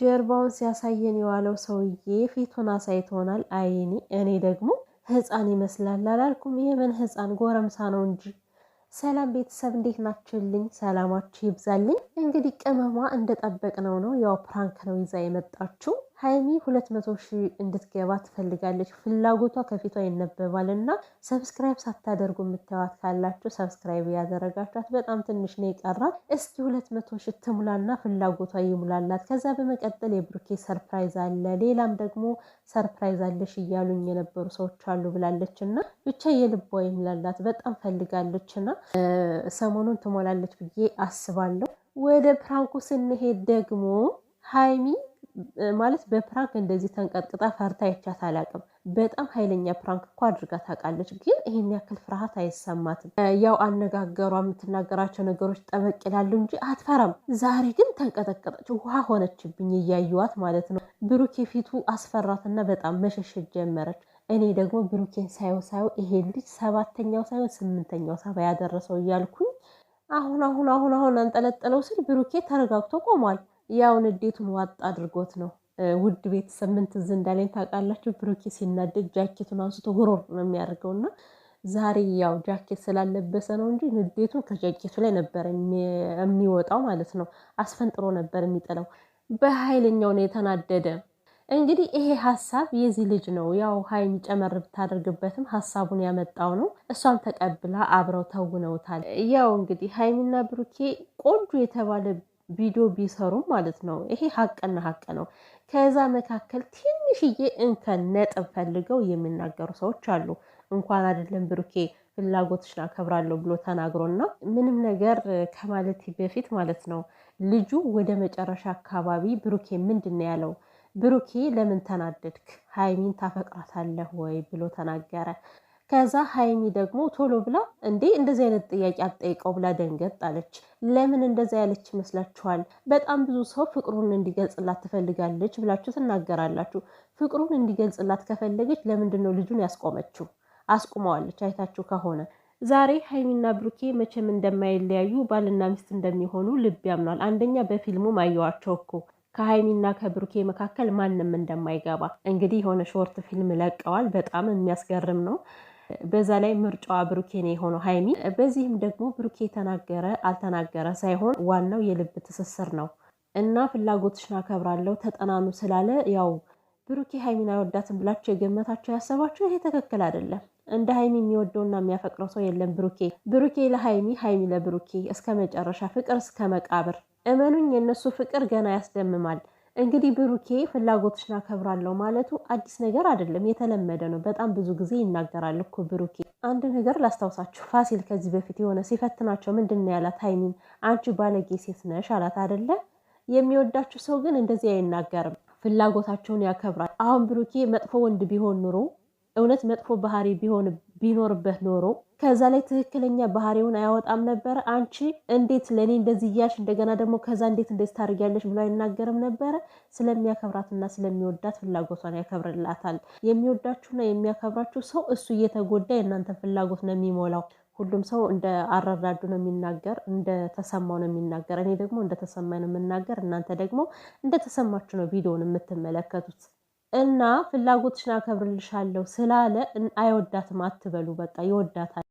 ጀርባውን ሲያሳየን የዋለው ሰውዬ ፊቱን አሳይቶናል። አይኒ እኔ ደግሞ ህፃን ይመስላል አላልኩም? የምን ህፃን ጎረምሳ ነው እንጂ። ሰላም ቤተሰብ እንዴት ናችሁልኝ? ሰላማችሁ ይብዛልኝ። እንግዲህ ቅመሟ ነው ነው፣ ያው ፕራንክ ነው ይዛ የመጣችው ሀይሚ ሁለት መቶ ሺህ እንድትገባ ትፈልጋለች። ፍላጎቷ ከፊቷ ይነበባል እና ሰብስክራይብ ሳታደርጉ የምታዩት ካላችሁ ሰብስክራይብ ያደረጋችኋት በጣም ትንሽ ነው የቀራት። እስኪ ሁለት መቶ ሺህ ትሙላና ፍላጎቷ ይሙላላት። ከዛ በመቀጠል የብሩኬ ሰርፕራይዝ አለ፣ ሌላም ደግሞ ሰርፕራይዝ አለሽ እያሉኝ የነበሩ ሰዎች አሉ ብላለች እና ብቻ የልቧ ይሙላላት። በጣም ፈልጋለች እና ሰሞኑን ትሞላለች ብዬ አስባለሁ። ወደ ፕራንኩ ስንሄድ ደግሞ ሀይሚ ማለት በፕራንክ እንደዚህ ተንቀጥቅጣ ፈርታ ይቻት አላቅም። በጣም ኃይለኛ ፕራንክ እኮ አድርጋ ታውቃለች፣ ግን ይህን ያክል ፍርሃት አይሰማትም። ያው አነጋገሯ፣ የምትናገራቸው ነገሮች ጠበቅ ይላሉ እንጂ አትፈራም። ዛሬ ግን ተንቀጠቀጠች፣ ውሃ ሆነችብኝ እያየዋት ማለት ነው። ብሩኬ ፊቱ አስፈራትና በጣም መሸሸት ጀመረች። እኔ ደግሞ ብሩኬን ሳየው ሳየው ይሄ ልጅ ሰባተኛው ሳይሆን ስምንተኛው ሰባ ያደረሰው እያልኩኝ አሁን አሁን አሁን አሁን አንጠለጠለው ስል ብሩኬ ተረጋግቶ ቆሟል። ያው ንዴቱን ዋጥ አድርጎት ነው። ውድ ቤተሰብ ምን ትዝ እንዳለኝ ታውቃላችሁ? ብሩኬ ሲናደድ ጃኬቱን አንስቶ ጉሮር ነው የሚያደርገው እና ዛሬ ያው ጃኬት ስላለበሰ ነው እንጂ ንዴቱን ከጃኬቱ ላይ ነበር የሚወጣው ማለት ነው። አስፈንጥሮ ነበር የሚጥለው። በኃይለኛው ነው የተናደደ። እንግዲህ ይሄ ሀሳብ የዚህ ልጅ ነው። ያው ሀይሚ ጨመር ብታደርግበትም ሀሳቡን ያመጣው ነው። እሷም ተቀብላ አብረው ተውነውታል። ያው እንግዲህ ሀይሚና ብሩኬ ቆንጆ የተባለ ቪዲዮ ቢሰሩም ማለት ነው። ይሄ ሀቅና ሀቅ ነው። ከዛ መካከል ትንሽዬ እንከን ነጥብ ፈልገው የሚናገሩ ሰዎች አሉ። እንኳን አይደለም ብሩኬ ፍላጎትሽን አከብራለሁ ብሎ ተናግሮና ምንም ነገር ከማለት በፊት ማለት ነው ልጁ ወደ መጨረሻ አካባቢ ብሩኬ ምንድን ነው ያለው? ብሩኬ ለምን ተናደድክ? ሀይሚን ታፈቅራታለህ ወይ ብሎ ተናገረ። ከዛ ሀይሚ ደግሞ ቶሎ ብላ እንዴ እንደዚህ አይነት ጥያቄ አትጠይቀው ብላ ደንገጥ አለች። ለምን እንደዛ ያለች ይመስላችኋል? በጣም ብዙ ሰው ፍቅሩን እንዲገልጽላት ትፈልጋለች ብላችሁ ትናገራላችሁ። ፍቅሩን እንዲገልጽላት ከፈለገች ለምንድን ነው ልጁን ያስቆመችው? አስቁመዋለች። አይታችሁ ከሆነ ዛሬ ሀይሚና ብሩኬ መቼም እንደማይለያዩ ባልና ሚስት እንደሚሆኑ ልብ ያምኗል። አንደኛ በፊልሙም አየዋቸው እኮ ከሀይሚና ከብሩኬ መካከል ማንም እንደማይገባ። እንግዲህ የሆነ ሾርት ፊልም ለቀዋል። በጣም የሚያስገርም ነው። በዛ ላይ ምርጫዋ ብሩኬ ነው የሆነው ሀይሚ። በዚህም ደግሞ ብሩኬ ተናገረ አልተናገረ ሳይሆን ዋናው የልብ ትስስር ነው እና ፍላጎትሽን አከብራለሁ ተጠናኑ ስላለ ያው ብሩኬ ሀይሚን አይወዳትም ብላቸው የገመታቸው ያሰባቸው ይሄ ትክክል አይደለም። እንደ ሀይሚ የሚወደውና የሚያፈቅረው ሰው የለም። ብሩኬ ብሩኬ ለሀይሚ ሀይሚ ለብሩኬ እስከ መጨረሻ ፍቅር እስከ መቃብር እመኑኝ፣ የእነሱ ፍቅር ገና ያስደምማል። እንግዲህ ብሩኬ ፍላጎትሽን አከብራለሁ ማለቱ አዲስ ነገር አይደለም፣ የተለመደ ነው። በጣም ብዙ ጊዜ ይናገራል እኮ ብሩኬ። አንድ ነገር ላስታውሳችሁ፣ ፋሲል ከዚህ በፊት የሆነ ሲፈትናቸው ምንድን ነው ያላት ሀይሚን፣ አንቺ ባለጌ ሴት ነሽ አላት አይደለ? የሚወዳችሁ ሰው ግን እንደዚህ አይናገርም፣ ፍላጎታቸውን ያከብራል። አሁን ብሩኬ መጥፎ ወንድ ቢሆን ኑሮ እውነት መጥፎ ባህሪ ቢሆን ቢኖርበት ኖሮ ከዛ ላይ ትክክለኛ ባህሪውን አያወጣም ነበር። አንቺ እንዴት ለእኔ እንደዚህ እያልሽ እንደገና ደግሞ ከዛ እንዴት እንደዚህ ታደርጊያለሽ ብሎ አይናገርም ነበረ። ስለሚያከብራትና ስለሚወዳት ፍላጎቷን ያከብርላታል። የሚወዳችሁና የሚያከብራችሁ ሰው እሱ እየተጎዳ የእናንተን ፍላጎት ነው የሚሞላው። ሁሉም ሰው እንደ አረዳዱ ነው የሚናገር፣ እንደ ተሰማው ነው የሚናገር። እኔ ደግሞ እንደተሰማ ነው የምናገር። እናንተ ደግሞ እንደተሰማችሁ ነው ቪዲዮውን የምትመለከቱት። እና ፍላጎትሽን አከብርልሻለሁ ስላለ አይወዳትም አትበሉ። በቃ ይወዳታል።